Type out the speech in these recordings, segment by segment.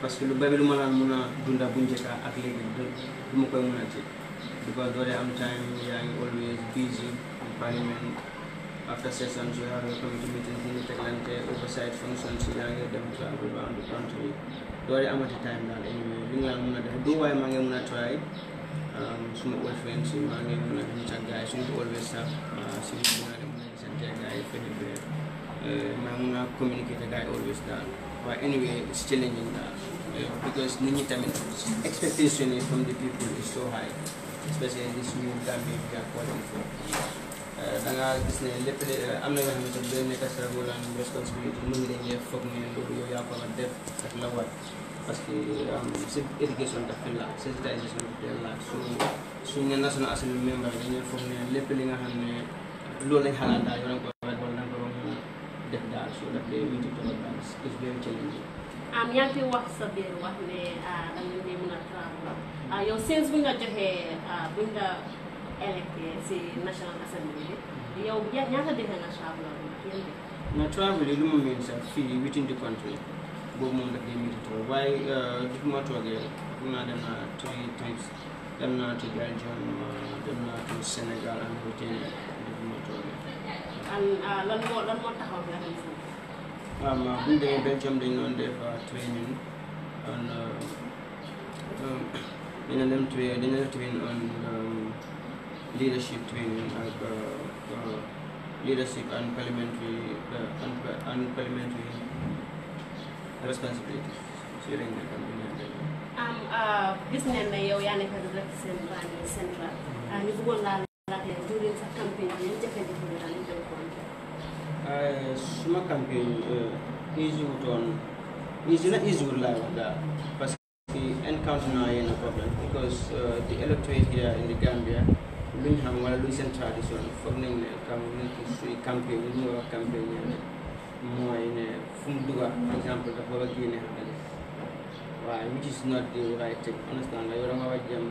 parce que lu bari lu ma daan mën a dunda bu njëkk ak léegi du ma koy mën a ci doo dee am time yaa ngi always parliament after sessions you have your committee meetings ñu yaa ngi dem travel around the country doo dee amati time daal anyway li nga mën a def du waaye maa ngi mën a try um, suma old friends maa ngi mën a dem ca gars yi suñu ko always sax uh, si li mën a dem mën a gisante gars uh, maa mën a communiquer gars always daal waaye anyway it's challenging now uh, because nit ñi tamit expectation from the people is so high especially this new Gambia we are foog ne loolu yow a def ak la war parce que um, si ne national assembly member dañuy foog ne lépp li nga xam ne loolu lañ xalaat daal yow So that way we took to advance. It's very challenging. am yaa ngi wax sa biir wax ne ah, da ngeen di mun a travel ah, yow since bu nga joxee ah, bu nga electé si National Assembly bi yow ñaata dëkk nga travel yéen dëkk. na travel yi lu mu mën sax fii within the country boobu moom daf lay mën a toog waaye fi ma toogee mun naa dem naa three times dem naa ci Belgium dem naa ci Sénégal ak Mauritanie daf ma toogee. lan moo lan moo taxaw nga xam um, uh, building in Belgium, they don't have uh, training and uh, um, they don't have train, training on um, leadership training like uh, uh, leadership and parliamentary uh, and, and parliamentary responsibilities. So you're in the company. Um, uh, business na yow yani kwa sasa central. Ni bugol suma campaign easy wutoon easy na easy wul laa wax daal parce que fi encounter naa because the electorate here in the Gambia luñ xam wala luñ tradition foog nañ ne kam campaign lu ñu wax campaign ne mooy ne fu mu dugga which is not the right thing understand I yow da nga war a jëm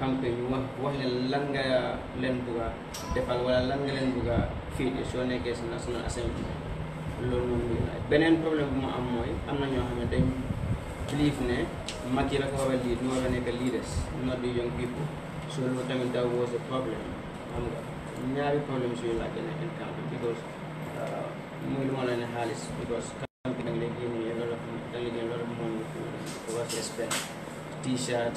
campagne ñu wax leen lan nga leen bugg a defal wala lan nga leen bugg a fii soo nekkee si National Assembly loolu moom ñu laaj beneen problème bu mu am mooy am na ñoo xam ne dañ believe ne mag yi dafa war a lii ñoo war a nekk leaders not the young people so loolu tamit that was a problem xam nga ñaari problème suñu laaj gën a encounter because uh, muy lu ma la ne xaalis because campagne da génne loolu da nga lay génne loolu moom ko a spend t-shirt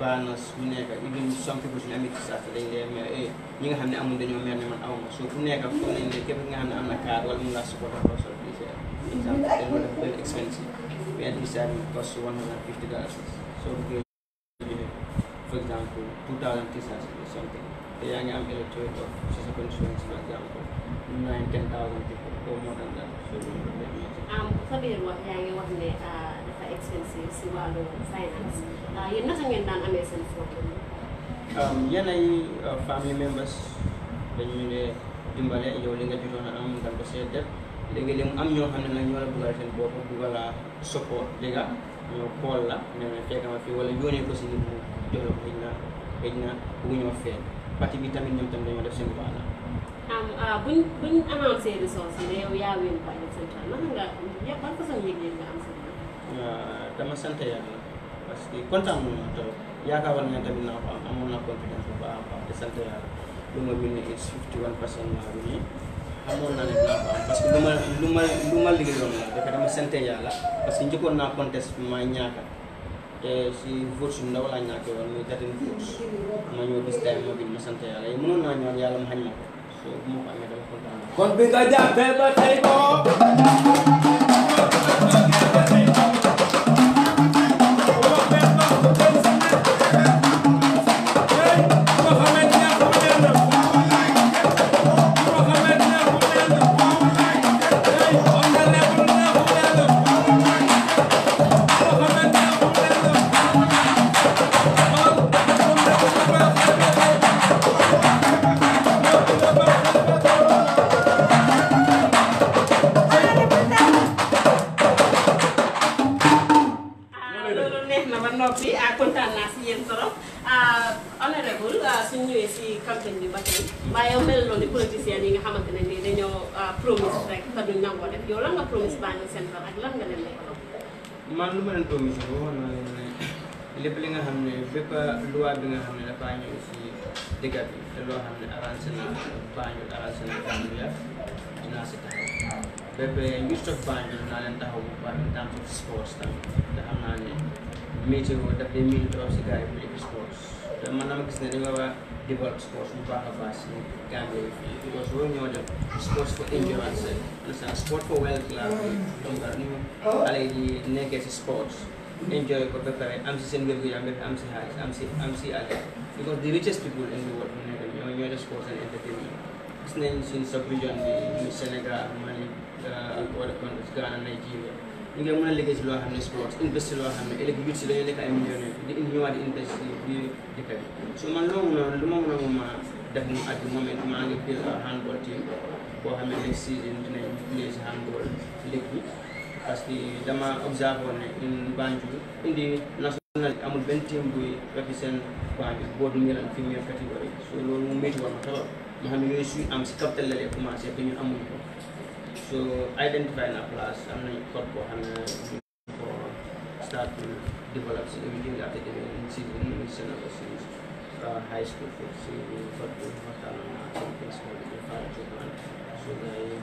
balance bu nekk even sank bu si ne amit saaf dañ lay mer eh ñi nga xam ne amul dañoo mer ne man aw ma so bu nekk fu ne ne képp nga xam ne am na kaar wala mu ngi la supporter ko sa bi sa exemple dañ ko def expensive mais di saami cost one hundred and fifty dollars so bu ko jëlee for example two thousand ki saa si something te yaa ngi am ele toy top si sa condition si par exemple mun naa ten thousand ki ko au moins dans la so bu ko def. am sa biir wax yaa ngi wax ne dafa expensive si wàllu finance yéen naka ngeen daan amee seen fonds. yenn ay uh, family members dañu a am nga ko see def léegi-léeg mu nag ñoo la bëggal seen bopp bëggal la na xëy na bu ñoo fee parti bi tamit buñ buñ annoncé ressources yaa wéyal ko ak yëpp seen tool naka nga ban façon yëg-yëg dama sant yàlla parce que kontaan na trop yaakaaroon na tamit naa ko am amoon naa confidence bu baax a baax di sant yàlla lu ma bind it fifty one personne laa bi xamoon naa ne naa ko am parce que lu ma lu ma lu ma liggéeyoon la dafa dama sant yàlla parce que njëkkoon naa contest bi ma ñaaka te si vote su ndaw laa ñaakee woon muy datin vote ma ñëw gis tay ma bind ma sant yàlla yi mënoon naa ñëwaat yàlla ma xañ ma ko soo bu ma ko amee dama kontaan kon bi nga jàppee ba tey ko waxin bi waaye yow mel noonu politiciens yi nga xamante ne nii dañoo ah, promise rek te duñ nangoo def yow lan nga promise Banjul Central ak lan nga leen lay wax. man lu ma leen promise waxoon naa leen lépp li nga xam ne bépp loi bi nga xam ne dafaa ñëw si dëkk bi te loo xam ne arrangé na Banjul arrangé na Gambia dinaa si taxaw bépp youth of Banjul naa leen taxaw bu baax in sports tamit te xam naa ne météo daf dee miin trop si gars yi bu sports. te man dama gis ne dañoo war a develop sports bu baax a baax si Gambie bi fii because ñoo def sports for endurance understand sport for wealth la donc ni mu xale yi nekkee si sports enjoy ko ba pare am si seen wér-gu-yaram ba am si xaalis am si am si àll because the richest people in the world mu nekk ñoo ñoo def sports and entertainment gis nañ suñu sub-region bi muy Sénégal Mali wala Ghana Nigeria ñu ngi mën a liggéey si loo xam ne sport investi loo xam ne ëllëg yut si ay millionnaire di indi ñëwaat loolu ma mën a moom ma def mu at the moment maa xam ne next season dinañ parce que dama observe woon ne in Banjul amul benn team buy represent Banjul boobu male ak female catégorie so loolu mu xam ne yooyu am si capital la lay commencé te ñu amuñ ko to identify and i am not code for xam for start to develop si within the academy si ministry of science high school food si code bi waxtaan naa ak principal the Fara Jokalante so gars yi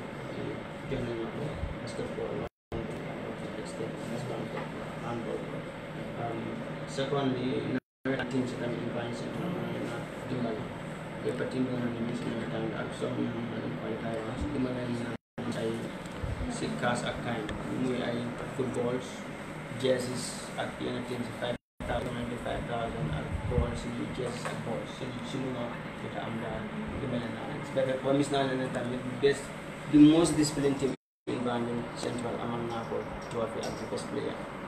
jox nañu ko secondly nawet team that tamit ñu bàyyi si tamit mën na dimbali are team boo xam ne ñu si nawet tamit a sikas at kain. Umuwi ay footballs, jerseys at $355,000 at balls, hindi jerseys at balls. Sinuno kita ang daan. It's better promise na na natin the best, the most disciplined team in Bandung Central among Nako, Trophy at the best player.